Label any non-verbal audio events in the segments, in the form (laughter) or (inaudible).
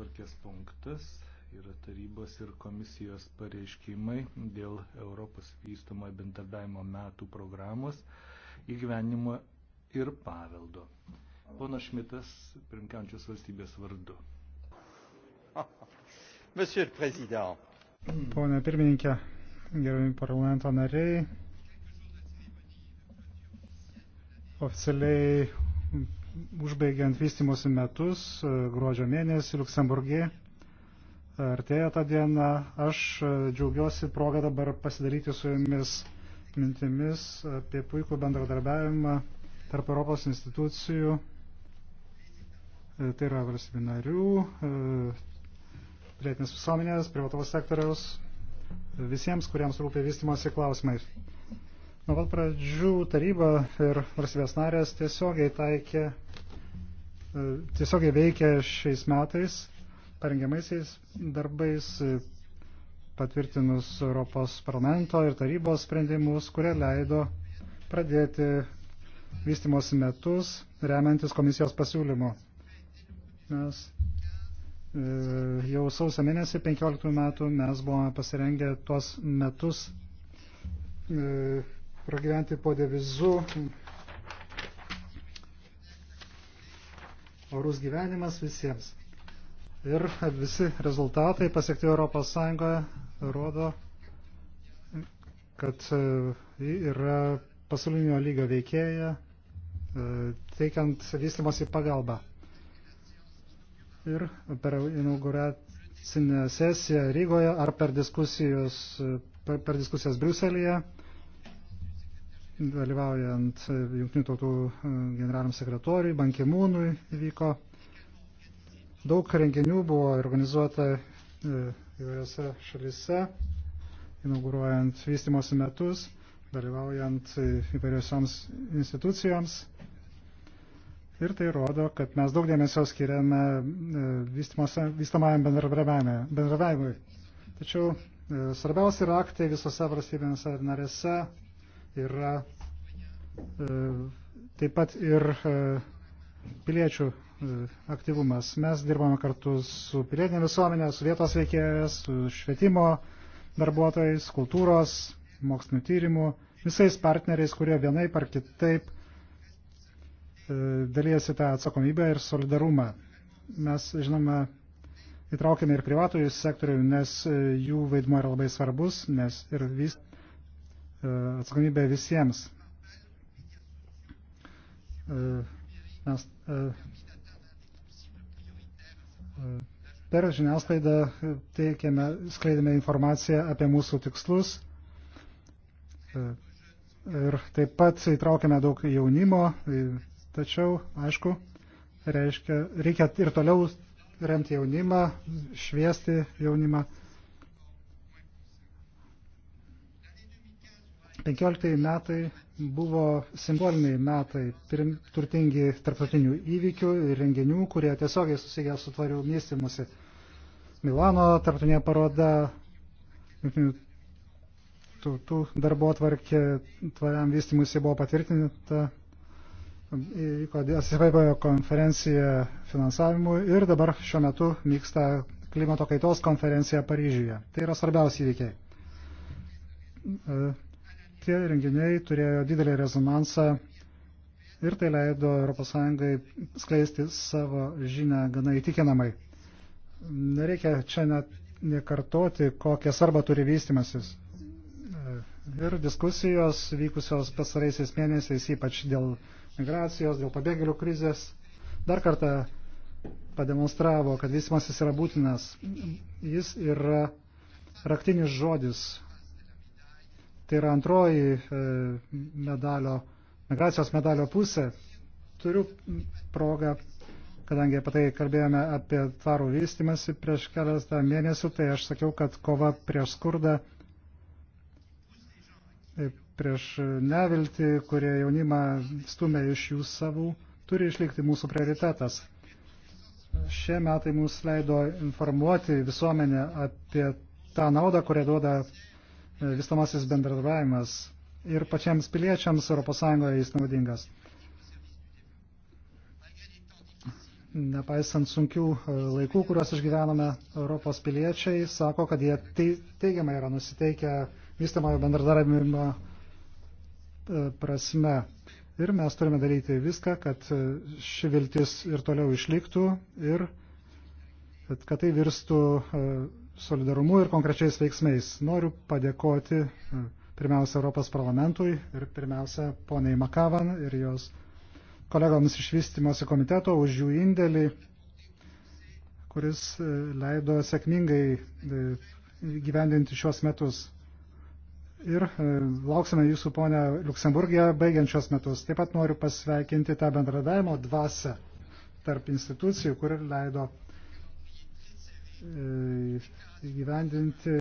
tvarkės punktas yra tarybos ir komisijos pareiškimai dėl Europos vystomo bendradarbiavimo metų programos įgyvenimo ir paveldo. Pono Šmitas, primkiančios valstybės vardu. (laughs) Monsieur le Président. Pone pirmininkė, gerbimi parlamento nariai, oficialiai užbaigiant vystimosi metus, e, gruodžio mėnesį Luksemburgė, e, artėja ta diena, aš e, džiaugiuosi progą dabar pasidalyti su jumis mintimis apie puikų bendradarbiavimą tarp Europos institucijų, tai yra valstybių narių, pilietinės visuomenės, privataus sektoriaus, visiems, kuriems rūpia vystimosi klausimai. Nuo pat pradžių taryba ir valstybės narės tiesiogiai taikė, e, tiesiogiai veikė šiais metais parengiamaisiais darbais e, patvirtinus Europos parlamento ir tarybos sprendimus, kurie leido pradėti vystimos metus remiantis komisijos pasiūlymu. Mes e, jau sausio mėnesį 15 metų mes buvome pasirengę tuos metus pragyventi po devizu orus gyvenimas visiems. Ir visi rezultatai pasiekti Europos Sąjungoje rodo, kad e, yra pasaulinio lygio veikėja, e, teikiant vystimosi pagalbą. Ir per inauguracinę sesiją Rygoje ar per, e, per, per diskusijas Briuselėje dalyvaujant Junktinių tautų e, generaliniam sekretoriui, Bankimūnui įvyko. Daug renginių buvo organizuota e, įvairiose šalise, inauguruojant vystimosi metus, dalyvaujant e, įvairiosioms institucijoms. Ir tai rodo, kad mes daug dėmesio skiriame vystamajam bendravimui. Tačiau svarbiausia yra aktai visose valstybėse narėse yra e, taip pat ir e, piliečių e, aktyvumas. Mes dirbame kartu su pilietinė visuomenė, su vietos veikėjas, su švietimo darbuotojais, kultūros, mokslinių tyrimų, visais partneriais, kurie vienai par kitaip dalyjasi tą atsakomybę ir solidarumą. Mes, žinoma, įtraukėme ir privatojus sektorių, nes jų vaidmuo yra labai svarbus, nes ir vis E, atsakomybė visiems. E, mes e, per žiniasklaidą teikėme, skleidėme informaciją apie mūsų tikslus ir taip pat įtraukėme daug jaunimo, tačiau, aišku, reiškia, reikia ir toliau remti jaunimą, šviesti jaunimą 15 metai buvo simboliniai metai, pirim, turtingi tarptautinių įvykių ir renginių, kurie tiesiogiai susiję su tvariu vystimusi. Milano tarptautinė paroda, tautų darbo atvarkė tvariam vystimusi buvo patvirtinta, įvyko Asisvaibojo konferencija finansavimui ir dabar šiuo metu vyksta klimato kaitos konferencija Paryžiuje. Tai yra svarbiausi įvykiai e, Tokie renginiai turėjo didelį rezonansą ir tai leido ES skleisti savo žinę gana įtikinamai. Nereikia čia net nekartoti, kokią svarbą turi vystimasis. Ir diskusijos vykusios pasaraisiais mėnesiais, ypač dėl migracijos, dėl pabėgėlių krizės, dar kartą pademonstravo, kad vystimasis yra būtinas. Jis yra raktinis žodis Tai yra antroji e, medalio, migracijos medalio pusė. Turiu progą, kadangi apie tai kalbėjome apie tvarų vystimąsi prieš keletą mėnesių, tai aš sakiau, kad kova prieš skurdą, e, prieš nevilti, kurie jaunimą stumia iš jų savų, turi išlikti mūsų prioritetas. Šie metai mus leido informuoti visuomenę apie tą naudą, kurią duoda vystamasis bendradarbiavimas ir pačiams piliečiams ES jis naudingas. Nepaisant sunkių e, laikų, kuriuos išgyvename, Europos piliečiai sako, kad jie teigiamai yra nusiteikę vystamojo bendradarbiavimo e, prasme. Ir mes turime daryti viską, kad e, ši viltis ir toliau išliktų ir kad tai virstų solidarumu ir konkrečiais veiksmais. Noriu padėkoti e, pirmiausia Europos parlamentui ir pirmiausia poniai Makavan ir jos kolegoms iš vystimosi komiteto už jų indėlį, kuris e, leido sėkmingai e, gyvendinti šios metus. Ir lauksime jūsų, ponia Luksemburgija, baigiančios metus. Taip pat noriu pasveikinti tą bendradavimo dvasę tarp institucijų, kuri leido E, įgyvendinti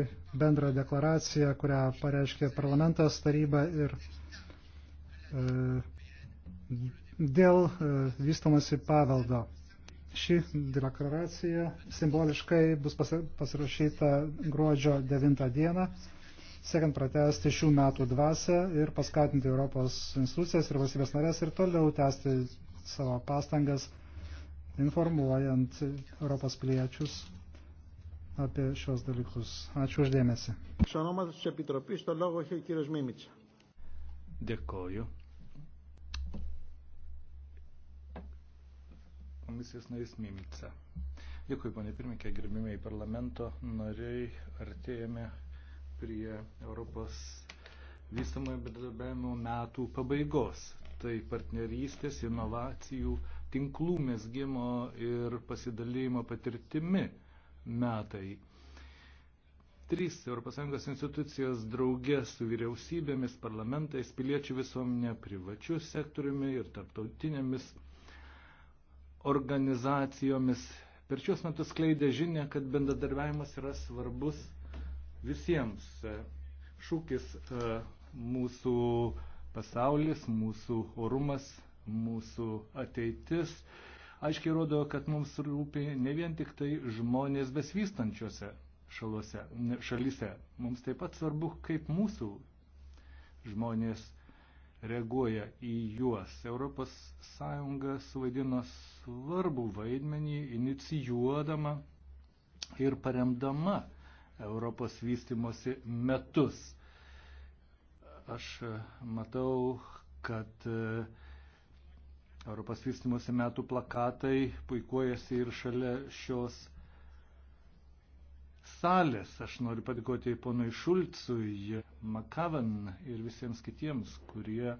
bendrą deklaraciją, kurią pareiškė parlamentas, taryba ir e, dėl e, vystomasi paveldo. Ši deklaracija simboliškai bus pasirašyta gruodžio 9 dieną, siekiant pratesti šių metų dvasę ir paskatinti Europos institucijas ir valstybės narės ir toliau tęsti savo pastangas informuojant Europos piliečius apie šios dalykus. Ačiū uždėmesi. Dėkoju. Komisijos narys Mimica. Dėkui, ponė pirmininkė, gerbimiai parlamento nariai. Artėjame prie Europos vystamojo bendradarbiavimo metų pabaigos. Tai partnerystės, inovacijų, tinklų mesgymo ir pasidalymo patirtimi metai. Trys ES institucijos draugė su vyriausybėmis, parlamentais, piliečių visuomenė, privačių sektoriumi ir tarptautinėmis organizacijomis per šios metus kleidė žinę, kad bendradarbiavimas yra svarbus visiems. Šūkis e, mūsų pasaulis, mūsų orumas, mūsų ateitis aiškiai rodo, kad mums rūpi ne vien tik tai žmonės besvystančiose šalose, šalyse. Mums taip pat svarbu, kaip mūsų žmonės reaguoja į juos. Europos Sąjunga suvaidino svarbų vaidmenį, inicijuodama ir paremdama Europos vystimosi metus. Aš matau, kad uh, Europos vystimosi metų plakatai puikuojasi ir šalia šios salės. Aš noriu padėkoti ponui Šulcui, Makavan ir visiems kitiems, kurie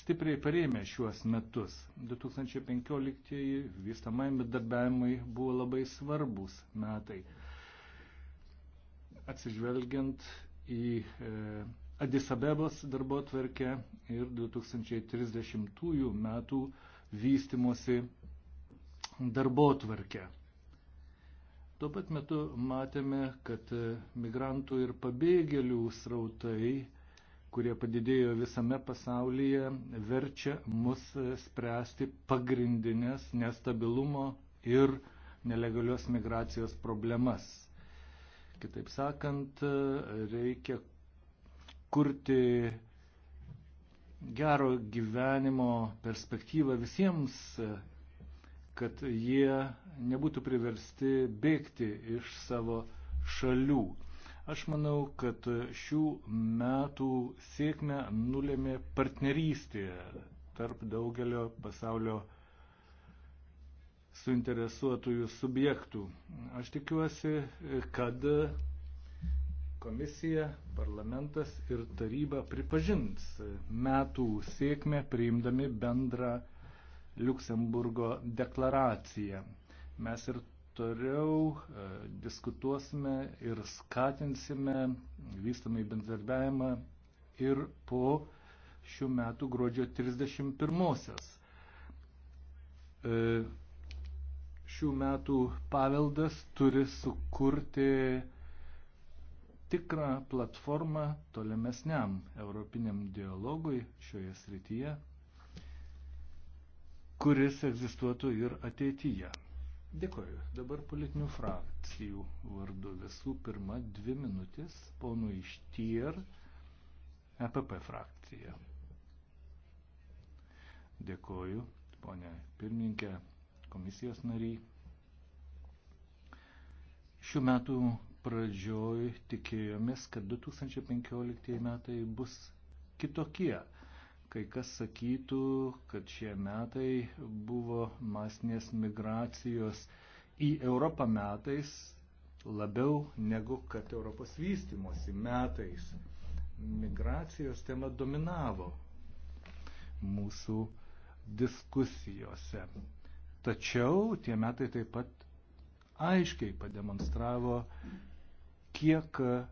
stipriai parėmė šiuos metus. 2015 vystamajam bedarbiavimui buvo labai svarbus metai. Atsižvelgiant į e, Adisabebos darbo tvarkę ir 2030 metų vystimusi darbo tvarkę. Tuo pat metu matėme, kad migrantų ir pabėgėlių srautai, kurie padidėjo visame pasaulyje, verčia mus spręsti pagrindinės nestabilumo ir nelegalios migracijos problemas. Kitaip sakant, reikia kurti gero gyvenimo perspektyvą visiems, kad jie nebūtų priversti bėgti iš savo šalių. Aš manau, kad šių metų sėkmę nulėmė partnerystė tarp daugelio pasaulio suinteresuotųjų subjektų. Aš tikiuosi, kad Komisija, parlamentas ir taryba pripažins metų sėkmę priimdami bendrą Luksemburgo deklaraciją. Mes ir toliau e, diskutuosime ir skatinsime vystamą į bendradarbiavimą ir po šių metų gruodžio 31-osios. E, šių metų paveldas turi sukurti tikrą platformą tolimesniam europiniam dialogui šioje srityje, kuris egzistuotų ir ateityje. Dėkoju. Dabar politinių frakcijų vardu visų pirma dvi minutės ponui Štier EPP frakcija. Dėkoju, ponė pirmininkė, komisijos nariai. Šių metų pradžioj tikėjomės, kad 2015 metai bus kitokie. Kai kas sakytų, kad šie metai buvo masinės migracijos į Europą metais labiau negu kad Europos vystimosi metais. Migracijos tema dominavo mūsų diskusijose. Tačiau tie metai taip pat aiškiai pademonstravo kiek e,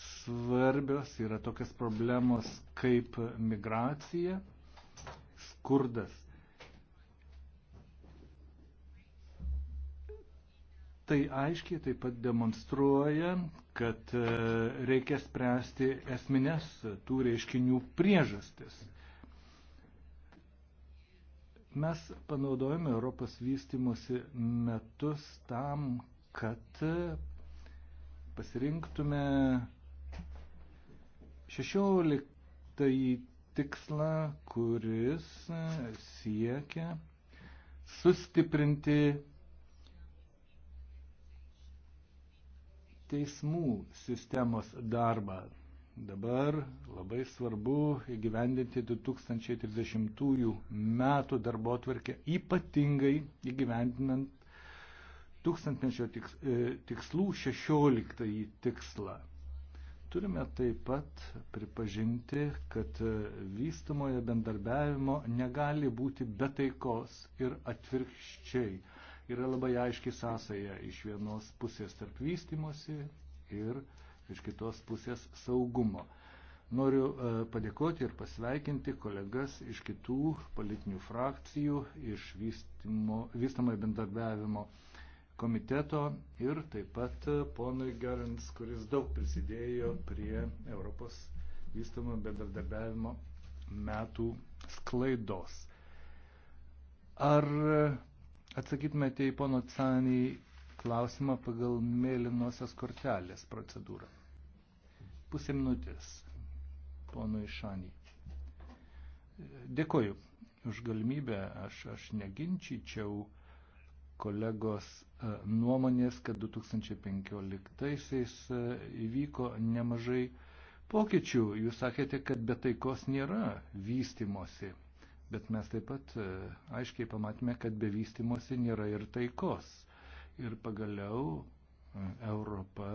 svarbios yra tokios problemos kaip migracija, skurdas. Tai aiškiai taip pat demonstruoja, kad e, reikia spręsti esminės tų reiškinių priežastis. Mes panaudojame Europos vystimosi metus tam, kad pasirinktume 16 tikslą, kuris siekia sustiprinti teismų sistemos darbą. Dabar labai svarbu įgyvendinti 2030 metų darbo atverkę, ypatingai įgyvendinant tūkstantmečio e, tikslų 16 tikslą. Turime taip pat pripažinti, kad e, vystamoje bendarbiavimo negali būti be taikos ir atvirkščiai. Yra labai aiški sąsaja iš vienos pusės tarp vystimosi ir iš kitos pusės saugumo. Noriu e, padėkoti ir pasveikinti kolegas iš kitų politinių frakcijų, iš vystamo bendarbiavimo komiteto ir taip pat e, ponui Gerins, kuris daug prisidėjo prie Europos vystomo bedardarbiavimo metų sklaidos. Ar e, atsakytumėte į pono Canį klausimą pagal mėlynosios kortelės procedūrą? Pusė minutės ponui Šanį. Dėkoju už galimybę, aš, aš neginčyčiau kolegos nuomonės, kad 2015-aisiais e, įvyko nemažai pokyčių. Jūs sakėte, kad be taikos nėra vystimosi, bet mes taip pat e, aiškiai pamatėme, kad be vystimosi nėra ir taikos. Ir pagaliau e, Europa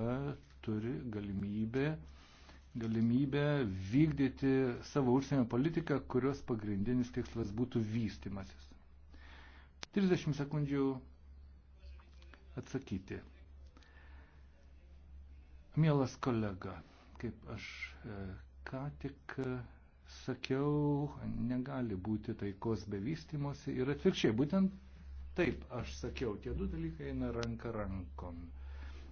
turi galimybę galimybę vykdyti savo užsienio politiką, kurios pagrindinis tikslas būtų vystimasis. 30 sekundžių atsakyti. Mielas kolega, kaip aš e, ką tik e, sakiau, negali būti taikos be vystimosi ir atvirkščiai, būtent taip aš sakiau, tie du dalykai eina ranka rankom.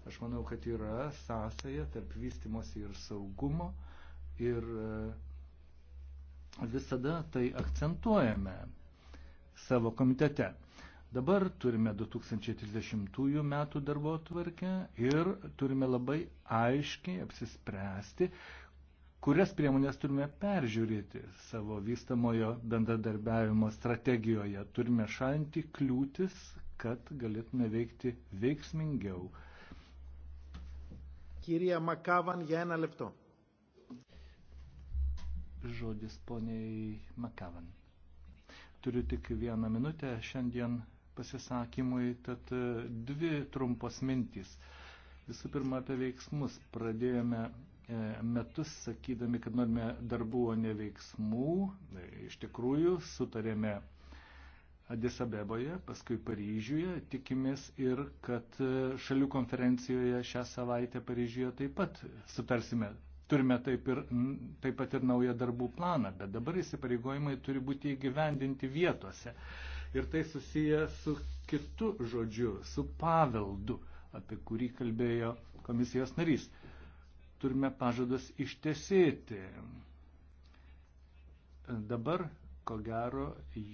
Aš manau, kad yra sąsaja tarp vystimosi ir saugumo ir e, visada tai akcentuojame savo komitete. Dabar turime 2030 metų darbo tvarkę ir turime labai aiškiai apsispręsti, kurias priemonės turime peržiūrėti savo vystamojo bendradarbiavimo strategijoje. Turime šalinti kliūtis, kad galėtume veikti veiksmingiau. Kyrie Makavan, vieną lepto. Žodis poniai Makavan. Turiu tik vieną minutę. Šiandien pasisakymui, tad e, dvi trumpos mintys. Visų pirma, apie veiksmus. Pradėjome e, metus sakydami, kad norime darbų, o ne veiksmų. E, iš tikrųjų, sutarėme Adisabeboje, paskui Paryžiuje. Tikimės ir, kad šalių konferencijoje šią savaitę Paryžiuje taip pat sutarsime. Turime taip, ir, taip pat ir naują darbų planą, bet dabar įsipareigojimai turi būti įgyvendinti vietose ir tai susiję su kitu žodžiu, su paveldu, apie kurį kalbėjo komisijos narys. Turime pažadus ištesėti. Dabar, ko gero,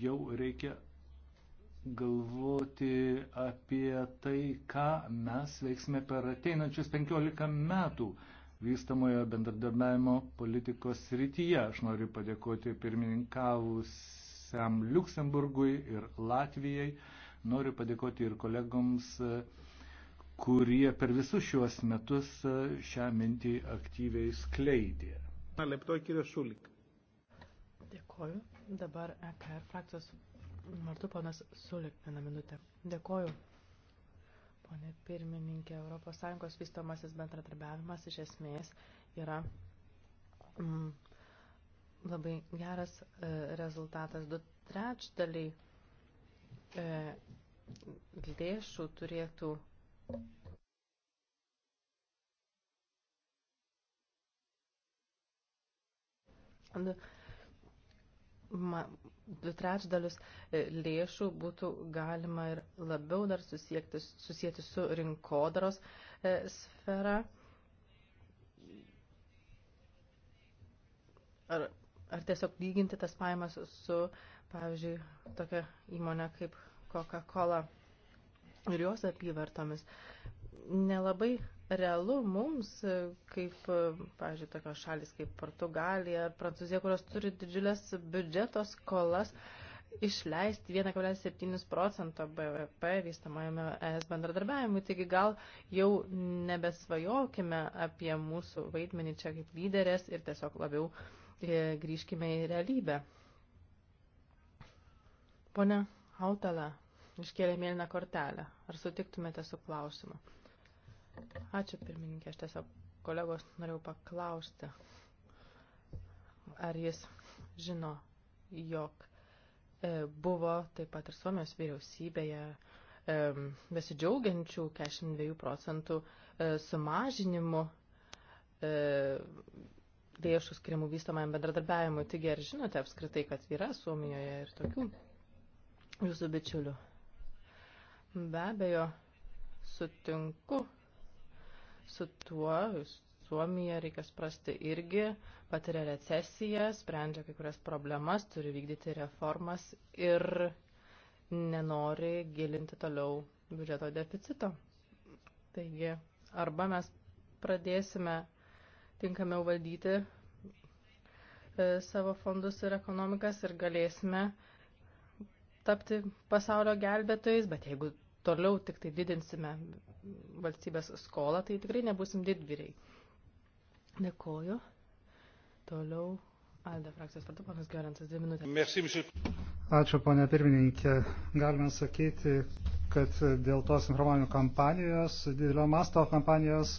jau reikia galvoti apie tai, ką mes veiksime per ateinančius 15 metų vystamojo bendradarbiavimo politikos srityje. Aš noriu padėkoti pirmininkavusi buvusiam Luksemburgui ir Latvijai. Noriu padėkoti ir kolegoms, kurie per visus šiuos metus e, šią mintį aktyviai skleidė. Lepto, kirios Šulik. Dėkoju. Dabar EKR frakcijos vardu ponas Sulik vieną minutę. Dėkoju. Pone pirmininkė, ES vystomasis bendradarbiavimas iš esmės yra mm, labai geras e, rezultatas. Du trečdaliai e, lėšų turėtų du trečdalius e, lėšų būtų galima ir labiau dar susiekti, susijęti su rinkodaros sfera. Ar ar tiesiog lyginti tas pajamas su, pavyzdžiui, tokia įmonė kaip Coca-Cola ir jos apyvartomis. Nelabai realu mums, kaip, pavyzdžiui, tokios šalis kaip Portugalija ar Prancūzija, kurios turi didžiulės biudžeto skolas, išleisti 1,7 procento BVP vystamajame ES bendradarbiavimui. Taigi gal jau nebesvajokime apie mūsų vaidmenį čia kaip lyderės ir tiesiog labiau uh, E, grįžkime į realybę. Pone Hautala iškėlė mėlyną kortelę. Ar sutiktumėte su klausimu? Ačiū pirmininkė, aš tiesiog kolegos norėjau paklausti, ar jis žino, jog e, buvo taip pat ir Suomijos vyriausybėje e, besidžiaugiančių 42 procentų e, sumažinimu e, lėšų skiriamų vystamajam bendradarbiavimui. Taigi ar žinote apskritai, kad yra Suomijoje ir tokių jūsų bičiulių? Be abejo, sutinku su tuo, Suomija, reikia suprasti, irgi patiria recesiją, sprendžia kai kurias problemas, turi vykdyti reformas ir nenori gilinti toliau biudžeto deficito. Taigi, arba mes pradėsime tinkamiau valdyti E, savo fondus ir ekonomikas ir galėsime tapti pasaulio gelbėtojais, bet jeigu toliau tik tai didinsime valstybės skolą, tai tikrai nebusim didvyriai. Dėkoju. Toliau Alde frakcijos vardu, panas Gerantas, dvi minutės. Merci, Ačiū, ponė pirmininkė. Galime sakyti, kad dėl tos informavimo kampanijos, didelio masto kampanijos,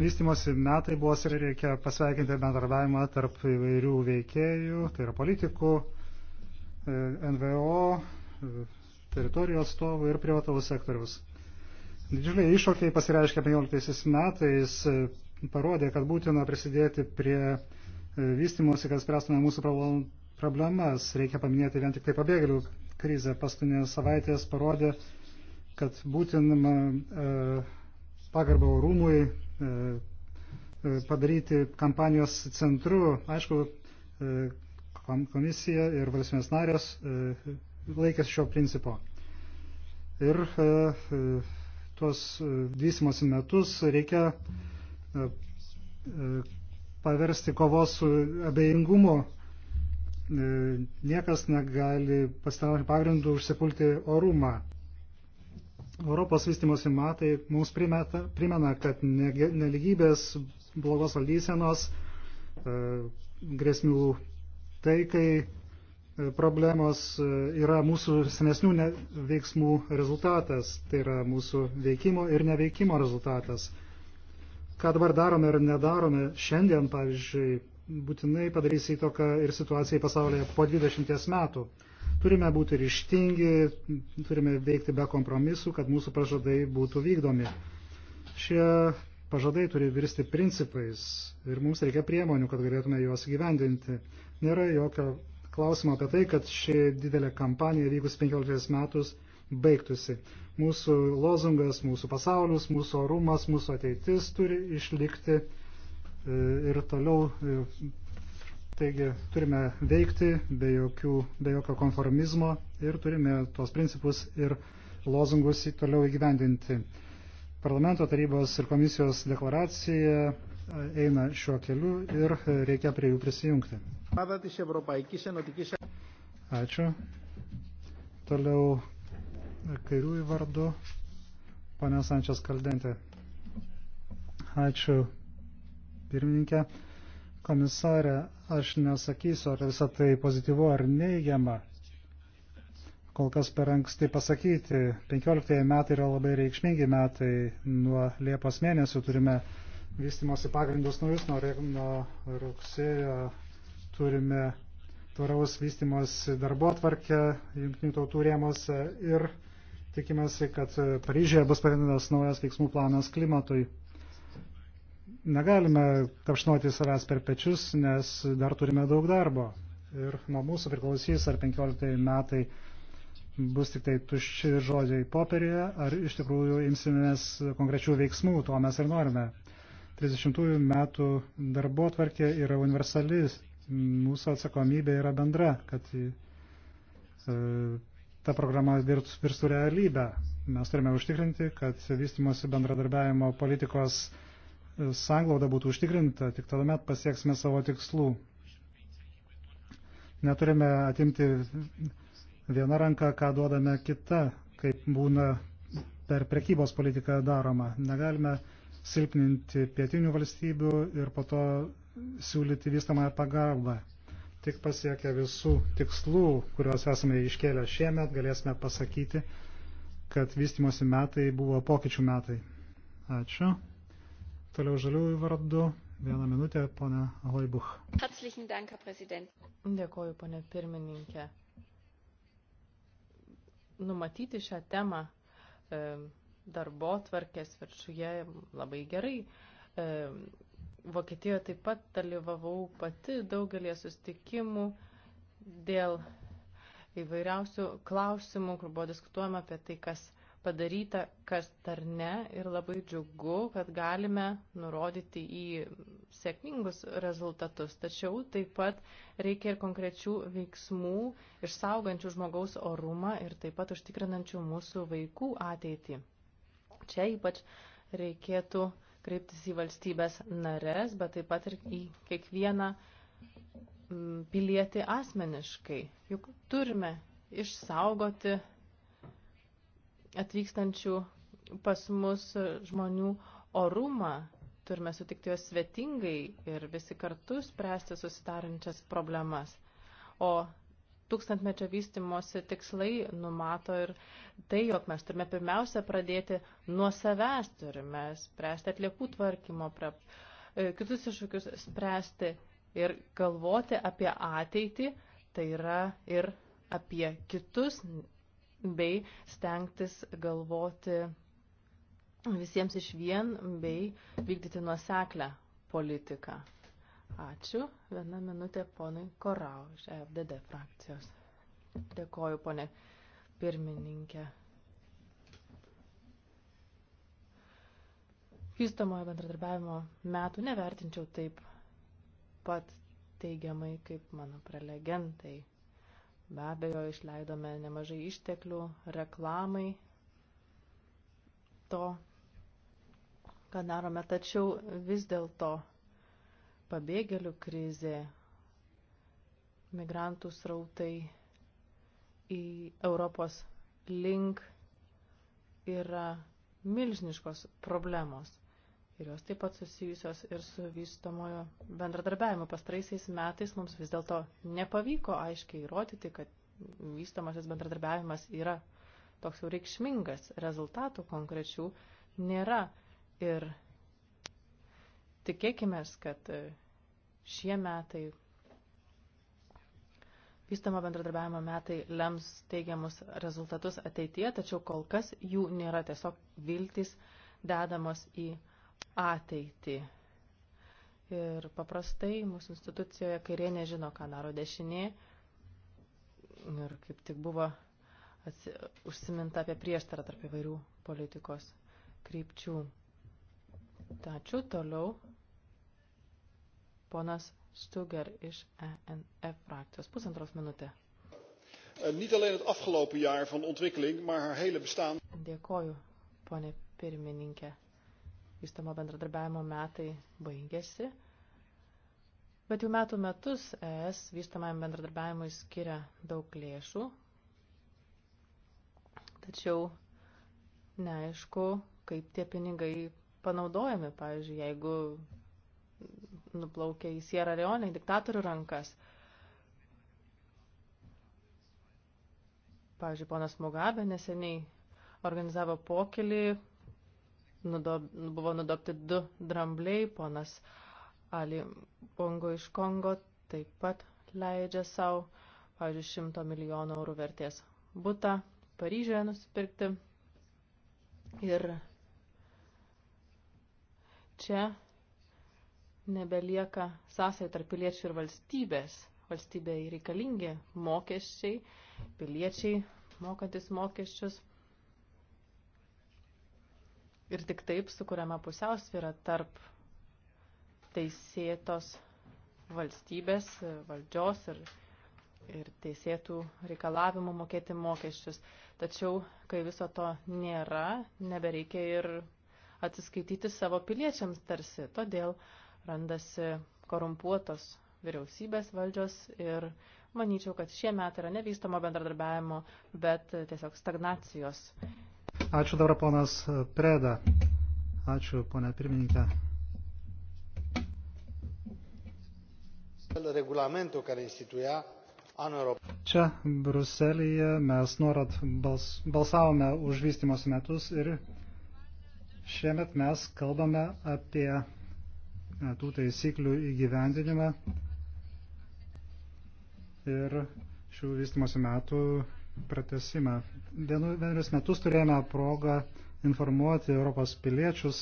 vystimosi metai buvo ir reikia pasveikinti bendradavimą tarp įvairių veikėjų, tai yra politikų, e, NVO, e, teritorijų atstovų ir privataus sektoriaus. Didžiuliai iššūkiai pasireiškia 15 metais, e, parodė, kad būtina prisidėti prie vystimosi, kad spręstume mūsų problemas. Reikia paminėti vien tik tai pabėgėlių krizę. Paskutinės savaitės parodė, kad būtina pagarbą rūmui E, padaryti kampanijos centru. Aišku, e, komisija ir valstybės narės e, laikės šio principo. Ir tuos vysimosi metus reikia paversti kovos su abejingumu. Niekas negali pasitraukti pagrindų užsipulti orumą. Europos vystimosi matai mums primeta, primena, kad neligybės, blogos valdysenos, e, grėsmių taikai e, problemos e, yra mūsų senesnių veiksmų rezultatas, tai yra mūsų veikimo ir neveikimo rezultatas. Ką dabar darome ir nedarome šiandien, pavyzdžiui, būtinai padarys įtoką ir situacijai pasaulyje po 20 metų. Turime būti ryštingi, turime veikti be kompromisų, kad mūsų pažadai būtų vykdomi. Šie pažadai turi virsti principais ir mums reikia priemonių, kad galėtume juos gyvendinti. Nėra jokio klausimo apie tai, kad ši didelė kampanija vykus 15 metus baigtųsi. Mūsų lozungas, mūsų pasaulius, mūsų orumas, mūsų ateitis turi išlikti e, ir toliau e, Taigi turime veikti be, jokių, be jokio konformizmo ir turime tuos principus ir lozungus į toliau įgyvendinti. Parlamento tarybos ir komisijos deklaracija e, eina šiuo keliu ir e, reikia prie jų prisijungti. Ačiū. Toliau e, kairiųjų vardu, pane Sančias Kaldentė. Ačiū, pirmininkė. Komisarė, aš nesakysiu, ar visą tai pozityvu ar neigiama. Kol kas per anksti pasakyti. 15 metai yra labai reikšmingi metai. Nuo Liepos mėnesių turime vystimosi pagrindus naujus, nuo, nuo rugsėjo turime tvaraus vystimosi darbo atvarkę jungtinių tautų rėmose ir tikimasi, kad Paryžėje bus pagrindas naujas veiksmų planas klimatui. Negalime tapšnoti savęs per pečius, nes dar turime daug darbo. Ir nuo mūsų priklausys, ar 15 metai bus tik tai tušči žodžiai popierioje, ar iš tikrųjų imsimės konkrečių veiksmų, to mes ir norime. 30 metų darbo tvarkė yra universalis, mūsų atsakomybė yra bendra, kad e, ta programa virstų realybę. Mes turime užtikrinti, kad vystimosi bendradarbiavimo politikos sanglauda būtų užtikrinta, tik tada met pasieksime savo tikslų. Neturime atimti vieną ranką, ką duodame kitą, kaip būna per prekybos politiką daroma. Negalime silpninti pietinių valstybių ir po to siūlyti vystamąją pagalbą. Tik pasiekę visų tikslų, kuriuos esame iškėlę šiemet, galėsime pasakyti, kad vystimosi metai buvo pokyčių metai. Ačiū. Toliau žaliųjų vardu. Vieną minutę, ponia Hoibuch. Dėkoju, ponia pirmininkė. Numatyti šią temą e, darbo tvarkės viršuje labai gerai. E, Vokietijoje taip pat dalyvavau pati daugelie sustikimų dėl įvairiausių klausimų, kur buvo diskutuojama apie tai, kas padaryta, kas dar ne ir labai džiugu, kad galime nurodyti į sėkmingus rezultatus. Tačiau taip pat reikia ir konkrečių veiksmų, išsaugančių žmogaus orumą ir taip pat užtikrinančių mūsų vaikų ateitį. Čia ypač reikėtų kreiptis į valstybės nares, bet taip pat ir į kiekvieną mm, pilietį asmeniškai. Juk turime išsaugoti atvykstančių pas mus žmonių orumą. Turime sutikti juos svetingai ir visi kartu spręsti susitarančias problemas. O tūkstantmečio vystimosi tikslai numato ir tai, jog mes turime pirmiausia pradėti nuo savęs, turime spręsti atliekų tvarkymo, prep, kitus iššūkius spręsti ir galvoti apie ateitį, tai yra ir apie kitus, bei stengtis galvoti visiems iš vien bei vykdyti nuoseklę politiką. Ačiū. Viena minutė ponai Korau iš FDD frakcijos. Dėkoju, ponė pirmininkė. Vystomojo bendradarbiavimo metų nevertinčiau taip pat teigiamai kaip mano prelegentai. Be abejo, išleidome nemažai išteklių reklamai to, ką darome. Tačiau vis dėlto pabėgėlių krizė, migrantų srautai į Europos link yra milžiniškos problemos ir jos taip pat susijusios ir su vystomojo bendradarbiavimu. Pastraisiais metais mums vis dėlto nepavyko aiškiai įrodyti, kad vystomasis bendradarbiavimas yra toks jau reikšmingas, rezultatų konkrečių nėra. Ir tikėkime, kad šie metai, vystamo bendradarbiavimo metai, lems teigiamus rezultatus ateityje, tačiau kol kas jų nėra, tiesiog viltys dedamos į ateitį. Ir paprastai mūsų institucijoje kairė nežino, ką daro dešinė. Ir kaip tik buvo atsi... užsiminta apie prieštarą tarp įvairių politikos krypčių. Tačiau toliau ponas Stuger iš ENF frakcijos. Pusantros minutė. Eh, niet alleen het afgelopen jaar van ontwikkeling, maar haar hele bestaan. Dėkoju, ponė pirmininkė vystamo bendradarbiavimo metai baigėsi, bet jau metų metus ES vystamajam bendradarbiavimui skiria daug lėšų, tačiau neaišku, kaip tie pinigai panaudojami, pavyzdžiui, jeigu nuplaukia į Sierra Leone, į diktatorių rankas. Pavyzdžiui, ponas Mugabe neseniai organizavo pokelį nudob, buvo nudobti du drambliai, ponas Ali Bongo iš Kongo taip pat leidžia savo, pavyzdžiui, 100 milijonų eurų vertės butą Paryžiuje nusipirkti. Ir čia nebelieka sąsai tarp piliečių ir valstybės. Valstybei reikalingi mokesčiai, piliečiai mokantis mokesčius ir tik taip sukuriama pusiausvyrą tarp teisėtos valstybės valdžios ir, ir teisėtų reikalavimų mokėti mokesčius. Tačiau, kai viso to nėra, nebereikia ir atsiskaityti savo piliečiams tarsi. Todėl randasi korumpuotos vyriausybės valdžios ir manyčiau, kad šie metai yra nevystoma bendradarbiavimo, bet tiesiog stagnacijos Ačiū dabar ponas Preda. Ačiū, ponia pirmininkė. Reglamentul care instituia Čia Bruselėje mes nuorat bals, balsavome už vystimosi metus ir šiemet mes kalbame apie e, tų taisyklių įgyvendinimą ir šių vystimosi metų pratesimą. Vienerius metus turėjome progą informuoti Europos piliečius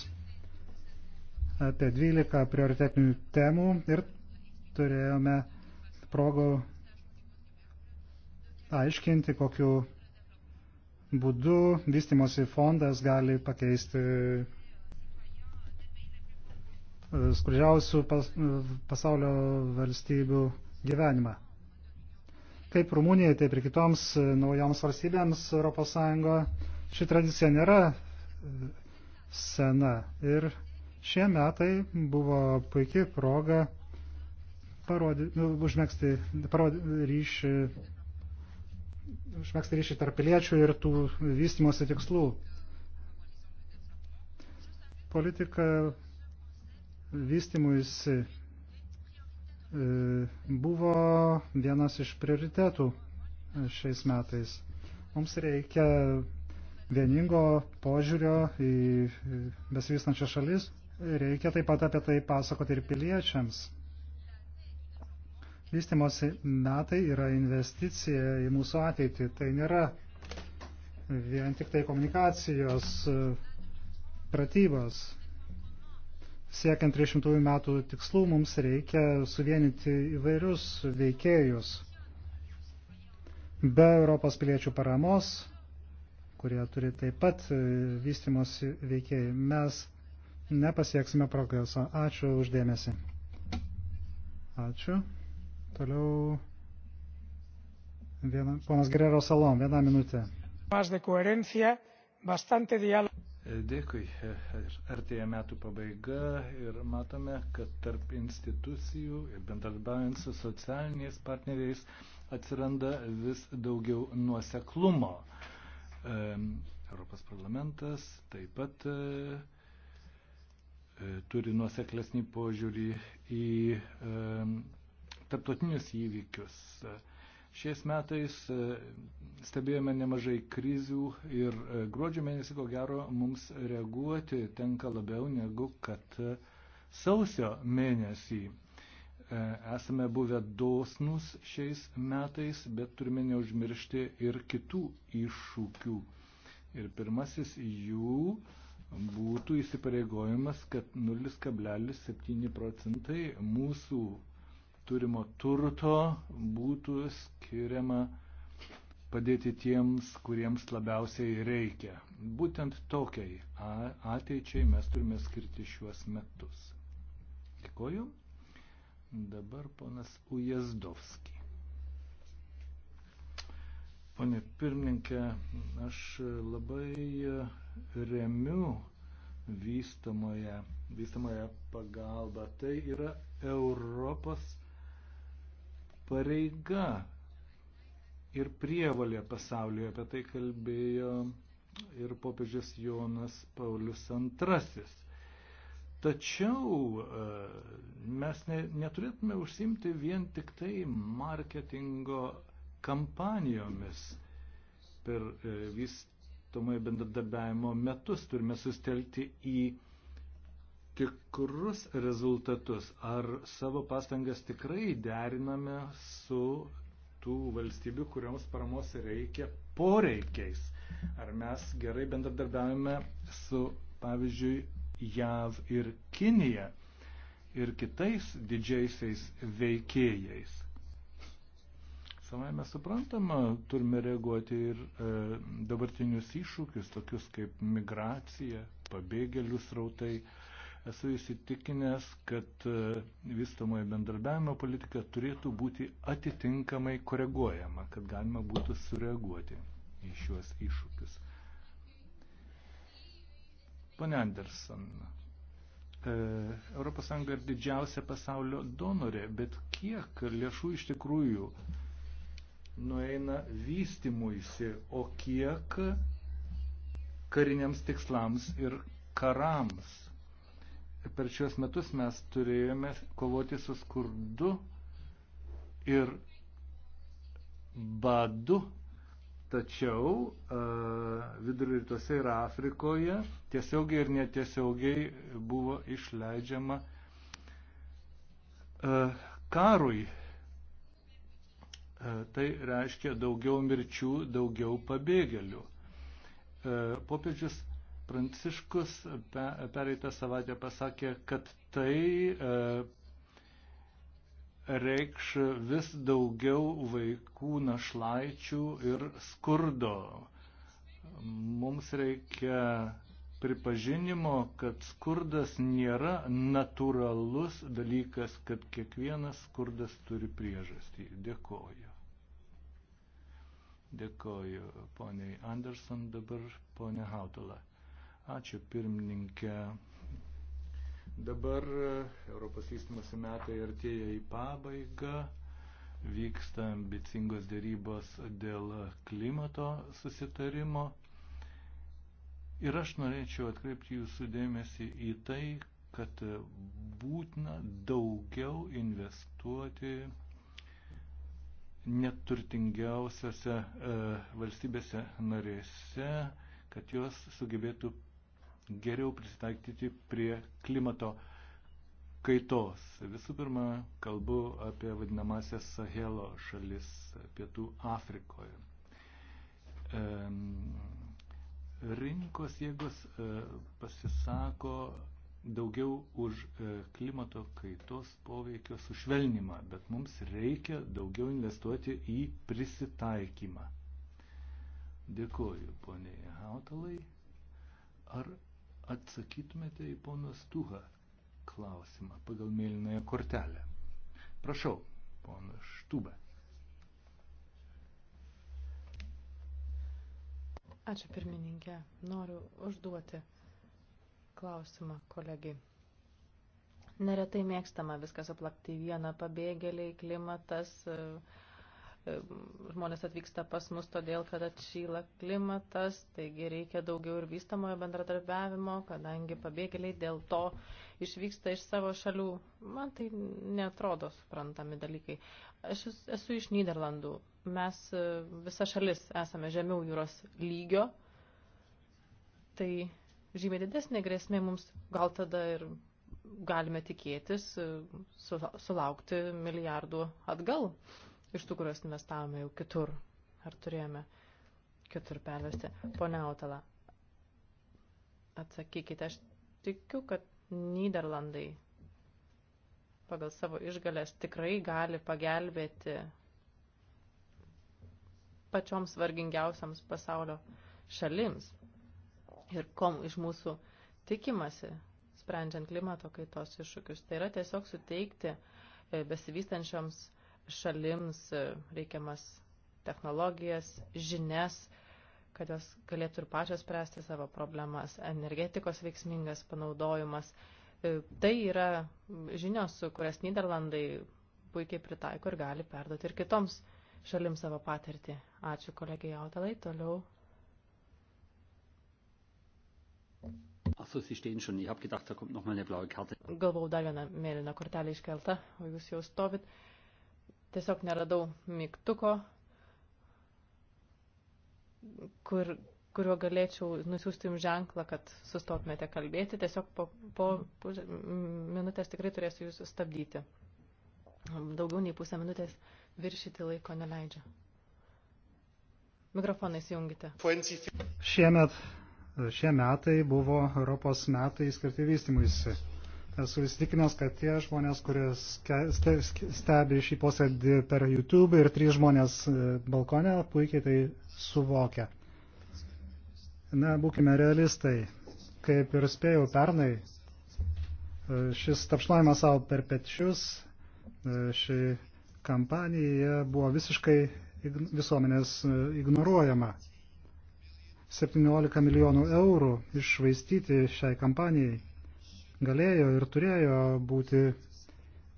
apie 12 prioritetinių temų ir turėjome progą aiškinti, kokiu būdu vystimosi fondas gali pakeisti e, skurdžiausių pas, pasaulio valstybių gyvenimą kaip Rumunijai, taip ir kitoms e, naujoms valstybėms ES ši tradicija nėra e, sena. Ir šie metai buvo puikiai proga parodi, nu, užmėgsti parodi, ryšį užmėgsti ryšį tarp piliečių ir tų vystimosi tikslų. Politika vystimuisi E, buvo vienas iš prioritetų šiais metais. Mums reikia vieningo požiūrio į besivystančią šalis. Reikia taip pat apie tai pasakoti ir piliečiams. Vystimosi metai yra investicija į mūsų ateitį. Tai nėra vien tik tai komunikacijos e, pratybos. Siekiant 300 metų tikslų mums reikia suvienyti įvairius veikėjus. Be Europos piliečių paramos, kurie turi taip pat e, vystimosi veikėjai, mes nepasieksime progreso. Ačiū uždėmesi. Ačiū. Toliau viena, ponas Gerero Salom, viena minutė. Más de coherencia, bastante diálogo. Dėkui. Artėja metų pabaiga ir matome, kad tarp institucijų ir bendradarbiaujant su socialiniais partneriais atsiranda vis daugiau nuoseklumo. Europos parlamentas taip pat e, e, turi nuoseklesnį požiūrį į tarptautinius įvykius. E, Šiais metais e, stebėjome nemažai krizių ir e, gruodžio mėnesį, ko gero, mums reaguoti tenka labiau negu kad e, sausio mėnesį. Esame buvę dosnus šiais metais, bet turime neužmiršti ir kitų iššūkių. Ir pirmasis jų būtų įsipareigojimas, kad 0,7 procentai mūsų turimo turto būtų skiriama padėti tiems, kuriems labiausiai reikia. Būtent tokiai ateičiai mes turime skirti šiuos metus. Dėkoju. Dabar ponas Ujazdovski. Pone pirmininkė, aš labai remiu vystamoje, vystamoje pagalbą. Tai yra Europos pareiga ir prievalė pasaulyje. Apie tai kalbėjo ir popiežis Jonas Paulius II. Tačiau e, mes ne, neturėtume užsimti vien tik tai marketingo kampanijomis per e, vystomai bendradarbiavimo metus. Turime sustelti į tikrus rezultatus, ar savo pastangas tikrai deriname su tų valstybių, kuriams paramos reikia poreikiais. Ar mes gerai bendradarbiavime su, pavyzdžiui, JAV ir Kinija ir kitais didžiaisiais veikėjais. Savai mes suprantama, turime reaguoti ir e, dabartinius iššūkius, tokius kaip migracija, pabėgėlių srautai, e, Esu įsitikinęs, kad e, vystamojo bendradarbiavimo politika turėtų būti atitinkamai koreguojama, kad galima būtų sureaguoti į šiuos iššūkius. Pane Anderson, ES yra didžiausia pasaulio donorė, bet kiek lėšų iš tikrųjų nueina vystimuisi, o kiek kariniams tikslams ir karams per šios metus mes turėjome kovoti su skurdu ir badu, tačiau vidurio rytuose ir Afrikoje tiesiogiai ir netiesiogiai buvo išleidžiama karui. Tai reiškia daugiau mirčių, daugiau pabėgėlių. Popiežius Pranciškus pereitą savaitę pasakė, kad tai e, reikš vis daugiau vaikų našlaičių ir skurdo. Mums reikia pripažinimo, kad skurdas nėra natūralus dalykas, kad kiekvienas skurdas turi priežastį. Dėkoju. Dėkoju poniai Anderson, dabar ponia Hautala. Ačiū pirmininkė. Dabar e, Europos vystimosi metai artėja į pabaigą. Vyksta ambicingos dėrybos dėl klimato susitarimo. Ir aš norėčiau atkreipti jūsų dėmesį į tai, kad būtina daugiau investuoti neturtingiausiose e, valstybėse narėse, kad jos sugebėtų geriau prisitaikyti prie klimato kaitos. Visų pirma, kalbu apie vadinamasias Sahelo šalis pietų Afrikoje. E, rinkos jėgos e, pasisako daugiau už e, klimato kaitos poveikio sušvelnimą, bet mums reikia daugiau investuoti į prisitaikymą. Dėkuoju, poniai Hautalai. Ar atsakytumėte į ponas Tuha klausimą pagal mėlynąją kortelę? Prašau, ponas Štubė. Ačiū pirmininkė. Noriu užduoti klausimą kolegiai. Neretai mėgstama viskas aplakti vieną pabėgėliai, klimatas, uh, E, žmonės atvyksta pas mus todėl, kad atšyla klimatas, taigi reikia daugiau ir vystamojo bendradarbiavimo, kadangi pabėgėliai dėl to išvyksta iš savo šalių. Man tai netrodo suprantami dalykai. Aš esu iš Niderlandų. Mes e, visa šalis esame žemiau jūros lygio. Tai žymiai didesnė grėsmė mums gal tada ir galime tikėtis e, sulaukti milijardų atgal iš tų, kurios investavome jau kitur, ar turėjome kitur pervesti. Pone Autala, atsakykite, aš tikiu, kad Niderlandai pagal savo išgalės tikrai gali pagelbėti pačioms vargingiausiams pasaulio šalims. Ir kom iš mūsų tikimasi, sprendžiant klimato kaitos iššūkius, tai yra tiesiog suteikti e, besivystančioms šalims reikiamas technologijas, žinias, kad jos galėtų ir pačios spręsti savo problemas, energetikos veiksmingas panaudojimas. E, tai yra žinios, kurias Niderlandai puikiai pritaiko ir gali perduoti ir kitoms šalim savo patirtį. Ačiū kolegijai Autalai, toliau. Galvau dar vieną mėlyną kortelę iškeltą, o jūs jau stovit. Tiesiog neradau mygtuko, kur, kuriuo galėčiau nusiųsti jums ženklą, kad sustotumėte kalbėti. Tiesiog po, po pusė, minutės tikrai turėsiu jūs stabdyti. Daugiau nei pusę minutės viršyti laiko neleidžia. Mikrofonai įjungite. Šiemet, šie metai buvo Europos metai skirti vystymuisi. Esu įsitikinęs, kad tie žmonės, kurie stebi šį posėdį per YouTube ir trys žmonės e, balkone, puikiai tai suvokia. Na, būkime realistai. Kaip ir spėjau pernai, e, šis tapšnojimas savo per pečius, e, ši kampanija buvo visiškai visuomenės ignoruojama. 17 milijonų eurų išvaistyti šiai kampanijai galėjo ir turėjo būti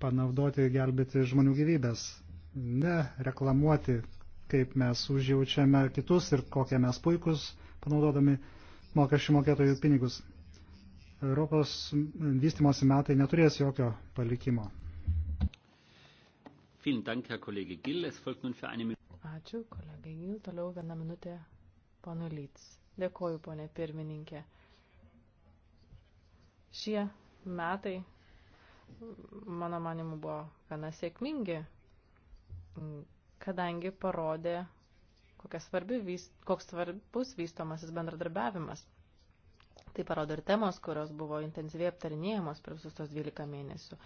panaudoti gelbėti žmonių gyvybės, ne reklamuoti, kaip mes užjaučiame kitus ir kokie mes puikus, panaudodami mokesčių mokėtojų pinigus. Europos vystimosi metai neturės jokio palikimo. Ačiū, kolegai Gil. Toliau vieną minutę, panu Lyts. Dėkoju, ponė pirmininkė. Šie metai, mano manimu, buvo gana sėkmingi, kadangi parodė, svarbi, koks svarbus vystomasis bendradarbiavimas. Tai parodo ir temos, kurios buvo intensyviai aptarinėjamos per visus tos 12 mėnesių.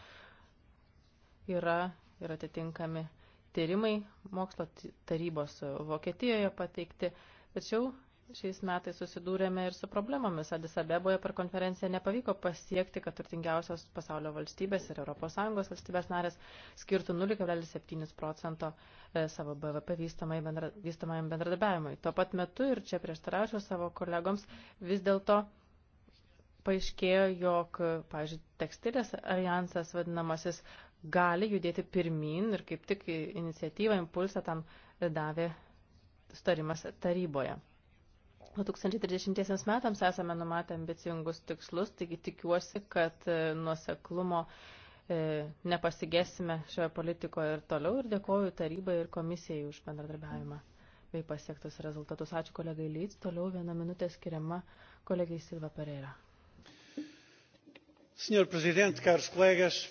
Yra ir atitinkami tyrimai mokslo tarybos Vokietijoje pateikti, tačiau šiais metais susidūrėme ir su problemomis. Adis Abeboje per konferenciją nepavyko pasiekti, kad turtingiausios pasaulio valstybės ir ES valstybės narės skirtų 0,7 procento e, savo BVP vystamajam bendra, bendradarbiavimui. Tuo pat metu ir čia prieštaraučiau savo kolegoms vis dėlto paaiškėjo, jog, pavyzdžiui, tekstilės alijansas vadinamasis gali judėti pirmin ir kaip tik iniciatyvą, impulsą tam davė starimas taryboje. 2030 metams esame numatę ambicingus tikslus, taigi tikiuosi, kad e, nuoseklumo e, nepasigėsime šioje politikoje ir toliau ir dėkoju tarybai ir komisijai už bendradarbiavimą bei pasiektus rezultatus. Ačiū kolegai Lyts, toliau viena minutė skiriama kolegai Silva Pereira. Senhor Presidente, caros colegas,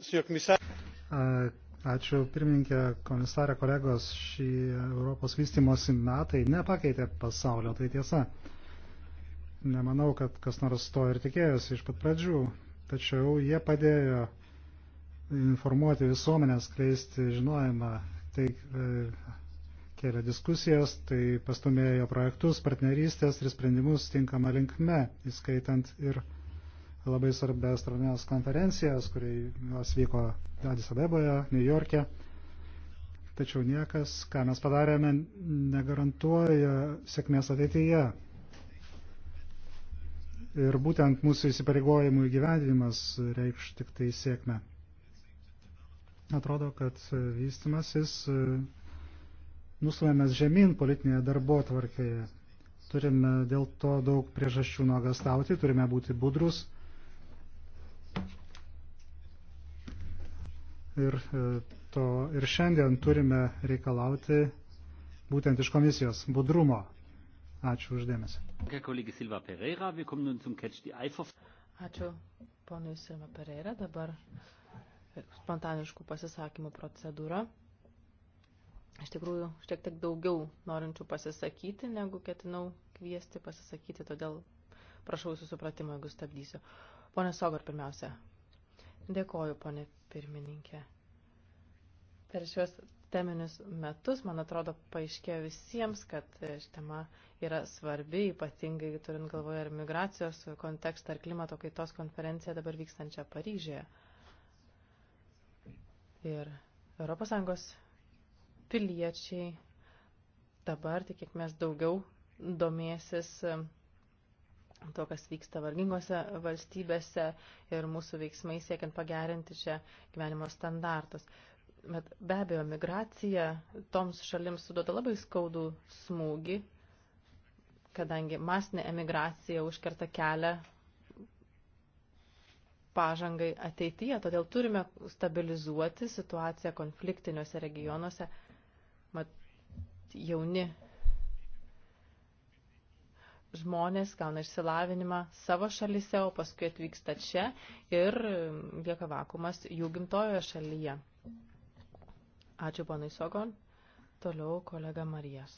Senhor Comissário. Ačiū pirmininkė, komisarė, kolegos. Šį Europos vystimosi metai nepakeitė pasaulio, tai tiesa. Nemanau, kad kas nors to ir tikėjosi iš pat pradžių, tačiau jie padėjo informuoti visuomenę, skleisti žinojimą, tai e, kėlė diskusijas, tai pastumėjo projektus, partnerystės ir sprendimus tinkama linkme, įskaitant ir e, labai svarbės tarptautinės konferencijas, kurios vyko Adis Abeboje, New York'e. Tačiau niekas, ką mes padarėme, negarantuoja sėkmės ateityje. Ir būtent mūsų įsipareigojimų įgyvendinimas reikš tik tai sėkmę. Atrodo, kad vystimasis e, nustumėmės žemyn politinėje darbo tvarkėje. Turime dėl to daug priežasčių nuogastauti, turime būti budrus Ir, e, to, ir šiandien turime reikalauti būtent iš komisijos budrumo. Ačiū uždėmesi. Ačiū ponui Silva Pereira. Dabar spontaniškų pasisakymų procedūra. Iš tikrųjų, šiek tiek daugiau norinčių pasisakyti, negu ketinau kviesti pasisakyti, todėl prašau jūsų supratimo, jeigu stabdysiu. Pone Sogar, pirmiausia, Dėkoju, ponė pirmininkė. Per šios teminius metus, man atrodo, paaiškėjo visiems, kad e, ši tema yra svarbi, ypatingai turint galvoje ir migracijos kontekstą, ar klimato kaitos konferenciją dabar vykstančią Paryžėje. Ir ES piliečiai dabar, tik kiek mes daugiau domėsis e, to, kas vyksta vargingose valstybėse ir mūsų veiksmai siekiant pagerinti čia gyvenimo standartus. Bet be abejo, migracija toms šalims suduoda labai skaudų smūgį, kadangi masinė emigracija užkerta kelią pažangai ateityje. Todėl turime stabilizuoti situaciją konfliktiniuose regionuose. Mat, jauni žmonės gauna išsilavinimą savo šalyse, o paskui atvyksta čia ir um, lieka vakumas jų gimtojoje šalyje. Ačiū ponai Sogon. Toliau kolega Marijas.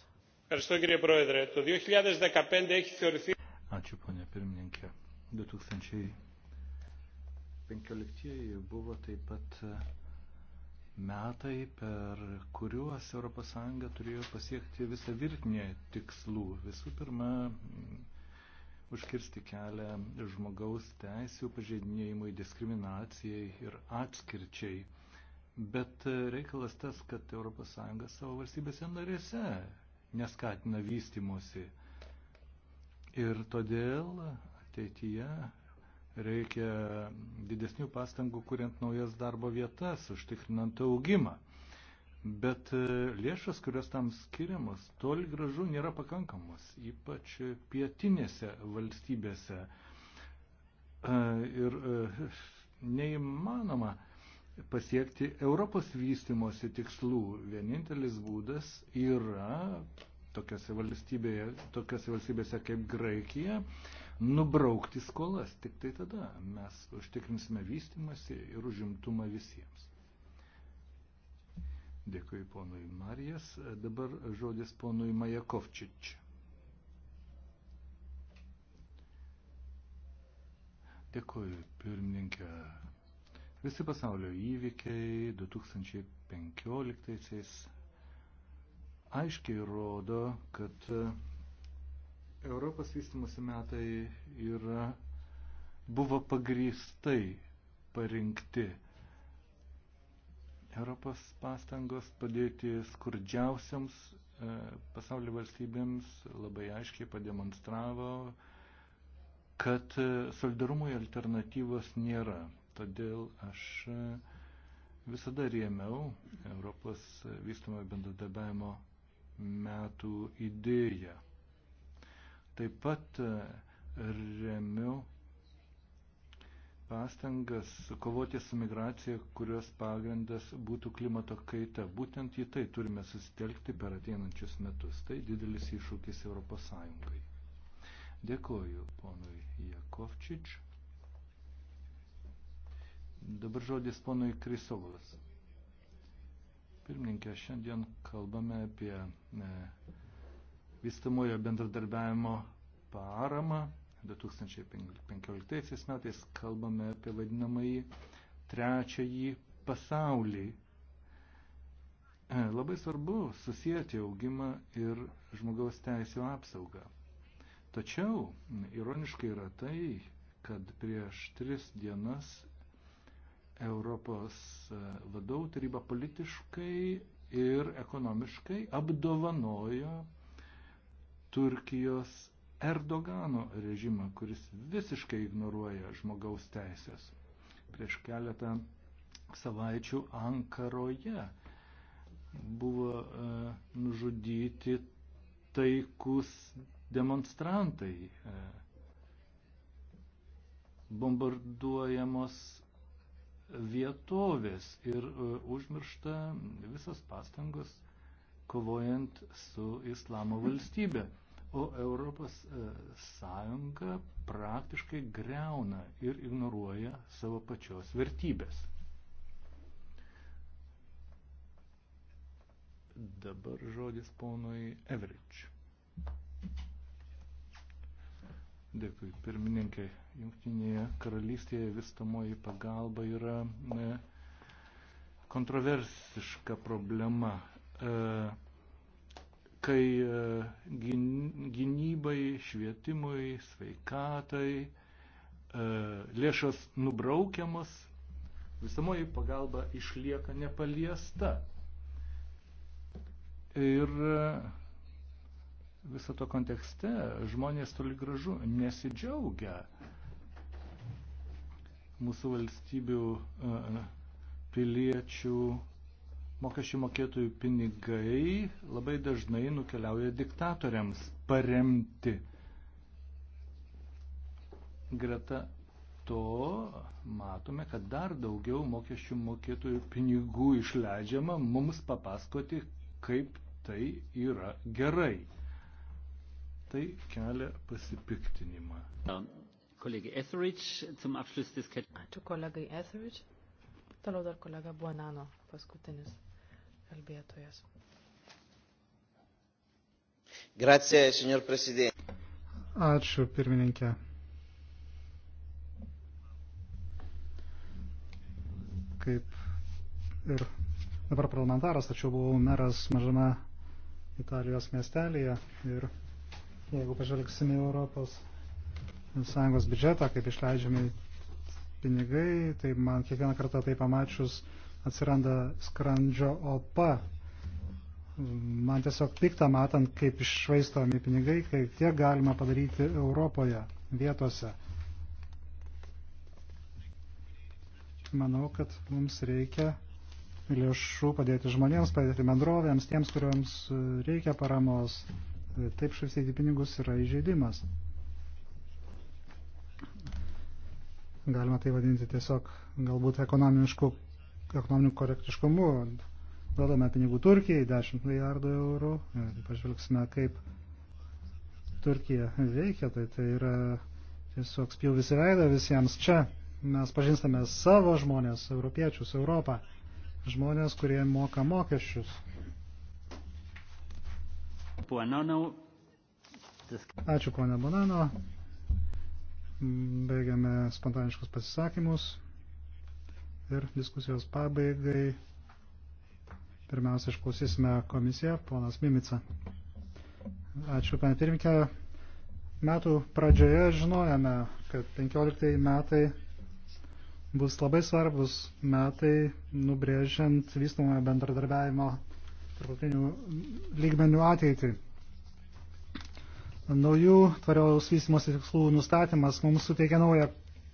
Ačiū ponė pirmininkė. 2015 buvo taip pat metai, per kuriuos ES turėjo pasiekti visą virtinę tikslų. Visų pirma, užkirsti kelią žmogaus teisų pažeidinėjimui, diskriminacijai ir atskirčiai. Bet reikalas tas, kad ES savo valstybėse narėse neskatina vystimosi. Ir todėl ateityje Reikia didesnių pastangų, kuriant naujas darbo vietas, užtikrinant augimą. Bet e, lėšas, kurios tam skiriamos, toli gražu nėra pakankamos, ypač pietinėse valstybėse. E, ir e, neįmanoma pasiekti Europos vystimosi tikslų. Vienintelis būdas yra tokiose valstybėse, tokiose valstybėse kaip Graikija nubraukti skolas. Tik tai tada mes užtikrinsime vystimasi ir užimtumą visiems. Dėkui ponui Marijas. Dabar žodis ponui Majakovčič. Dėkui pirmininkė. Visi pasaulio įvykiai 2015 aiškiai rodo, kad Europos vystimusi metai yra, buvo pagrįstai parinkti. Europos pastangos padėti skurdžiausiams e, pasaulio valstybėms labai aiškiai pademonstravo, kad e, solidarumui alternatyvos nėra. Todėl aš e, visada rėmiau Europos vystumo bendradarbiavimo metų idėją. Taip pat e, remiu pastangas kovoti su migracija, kurios pagrindas būtų klimato kaita. Būtent į tai turime susitelkti per ateinančius metus. Tai didelis iššūkis Europos Sąjungai. Dėkoju ponui Jakovčič. Dabar žodis ponui Krisovas. Pirmininkė, šiandien kalbame apie ne, vystamojo bendradarbiavimo paramą. 2015 metais kalbame apie vadinamąjį trečiąjį pasaulį. E, labai svarbu susijęti augimą ir žmogaus teisų apsaugą. Tačiau ironiškai yra tai, kad prieš tris dienas Europos e, vadovų taryba politiškai ir ekonomiškai apdovanojo Turkijos Erdogano režimą, kuris visiškai ignoruoja žmogaus teisės. Prieš keletą savaičių Ankaroje buvo e, nužudyti taikus demonstrantai. E, bombarduojamos vietovės ir e, užmiršta visas pastangos kovojant su islamo valstybė o Europos e, Sąjunga praktiškai greuna ir ignoruoja savo pačios vertybės. Dabar žodis ponui Everidge. Dėkui, pirmininkė. Jungtinėje karalystėje vystamoji pagalba yra ne, kontroversiška problema. E, kai e, gynybai, švietimui, sveikatai e, lėšas nubraukiamas, visamoji pagalba išlieka nepaliesta. Ir e, viso to kontekste žmonės toli gražu nesidžiaugia mūsų valstybių piliečių mokesčių mokėtojų pinigai labai dažnai nukeliauja diktatoriams paremti. Greta to matome, kad dar daugiau mokesčių mokėtojų pinigų išleidžiama mums papasakoti, kaip tai yra gerai. Tai kelia pasipiktinimą. Kolegė Etheridge, zum Abschluss des Ačiū kolegai Etheridge. Toliau dar kolega Buonano, paskutinis kalbėtojas. Grazie, signor Presidente. Ačiū, pirmininkė. Kaip ir dabar parlamentaras, tačiau buvau meras mažame Italijos miestelėje ir jeigu pažvelgsime Europos Sąjungos biudžetą, kaip išleidžiami pinigai, tai man kiekvieną kartą tai pamačius atsiranda skrandžio opa. Man tiesiog pikta matant, kaip iššvaistomi pinigai, kaip tiek galima padaryti Europoje, vietose. Manau, kad mums reikia lėšų padėti žmonėms, padėti bendrovėms, tiems, kuriuoms reikia paramos. Taip švaistyti pinigus yra įžeidimas galima tai vadinti tiesiog galbūt ekonominišku, ekonominiu korektiškumu. Duodame pinigų Turkijai 10 milijardų eurų, pažvelgsime, kaip Turkija veikia, tai tai yra tiesiog spjūvis į veidą visiems čia. Mes pažinstame savo žmonės, europiečius, Europą, žmonės, kurie moka mokesčius. Ačiū, ponia Bonano baigiame spontaniškus pasisakymus ir diskusijos pabaigai. Pirmiausia, išklausysime komisiją, ponas Mimica. Ačiū, pana pirmininkė. Metų pradžioje žinojame, kad 15 metai bus labai svarbus metai, nubrėžiant vystamą bendradarbiavimo tarptautinių lygmenių ateitį. Naujų tvariaus vystimosi tikslų nustatymas mums suteikia naują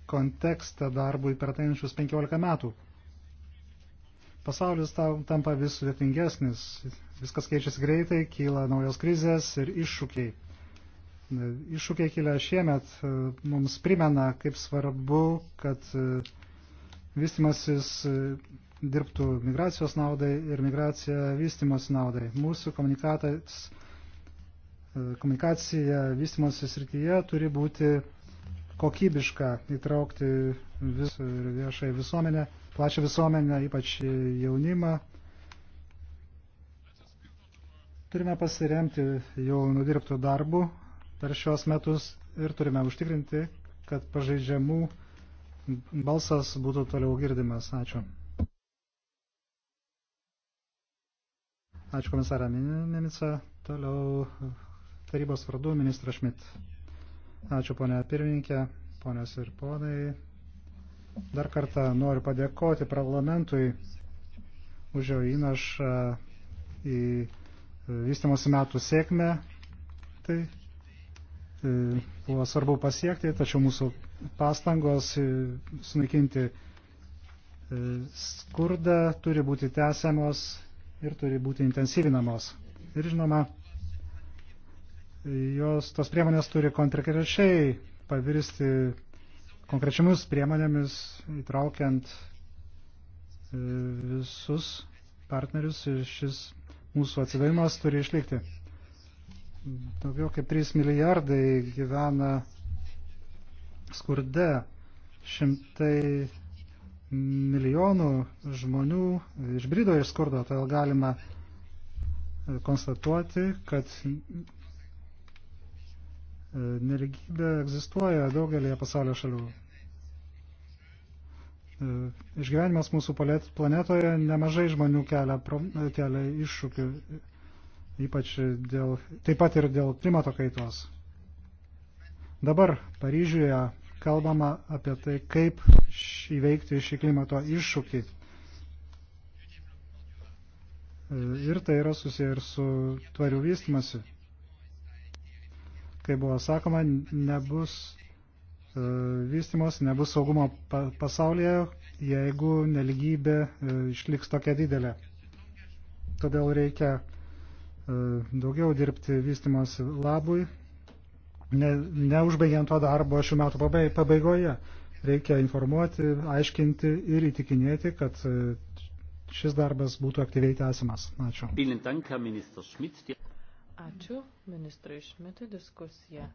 kontekstą darbui per ateinančius 15 metų. Pasaulis tampa vis sudėtingesnis, viskas keičiasi greitai, kyla naujos krizės ir iššūkiai. Iššūkiai kilę šiemet mums primena, kaip svarbu, kad vystimasis dirbtų migracijos naudai ir migracija vystimos naudai. Mūsų komunikatas komunikacija vystimosi srityje turi būti kokybiška, įtraukti vis, viešai visuomenę, plačią visuomenę, ypač jaunimą. Turime pasiremti jau nudirbtų darbų per šios metus ir turime užtikrinti, kad pažeidžiamų balsas būtų toliau girdimas. Ačiū. Ačiū komisarą Mimica. Toliau tarybos vardu ministras Šmit. Ačiū ponė pirmininkė, ponės ir ponai. Dar kartą noriu padėkoti parlamentui už jo įnašą į e, vystimosi metų sėkmę. Tai e, buvo svarbu pasiekti, tačiau mūsų pastangos e, sunaikinti skurdą turi būti tęsiamos ir turi būti intensyvinamos. Ir žinoma, jos, tos priemonės turi konkrečiai pavirsti konkrečiamis priemonėmis, įtraukiant e, visus partnerius ir šis mūsų atsidavimas turi išlikti. Daugiau kaip 3 milijardai gyvena skurde, šimtai milijonų žmonių išbrido iš skurdo, todėl galima e, konstatuoti, kad Neligybė egzistuoja daugelėje pasaulio šalių. E, išgyvenimas mūsų planetoje nemažai žmonių kelia, kelia iššūkių, ypač dėl, taip pat ir dėl klimato kaitos. Dabar Paryžiuje kalbama apie tai, kaip įveikti šį klimato iššūkį. E, ir tai yra susiję ir su tvariu vystimasi kai buvo sakoma, nebus e, vystimos, nebus saugumo pasaulyje, jeigu neligybė e, išliks tokia didelė. Todėl reikia e, daugiau dirbti vystimos labui, ne, neužbaigiant to darbo šių metų pabaigoje. Reikia informuoti, aiškinti ir įtikinėti, kad šis darbas būtų aktyviai tęsiamas. Ačiū. Ačiū ministrai Šmitui. Diskusija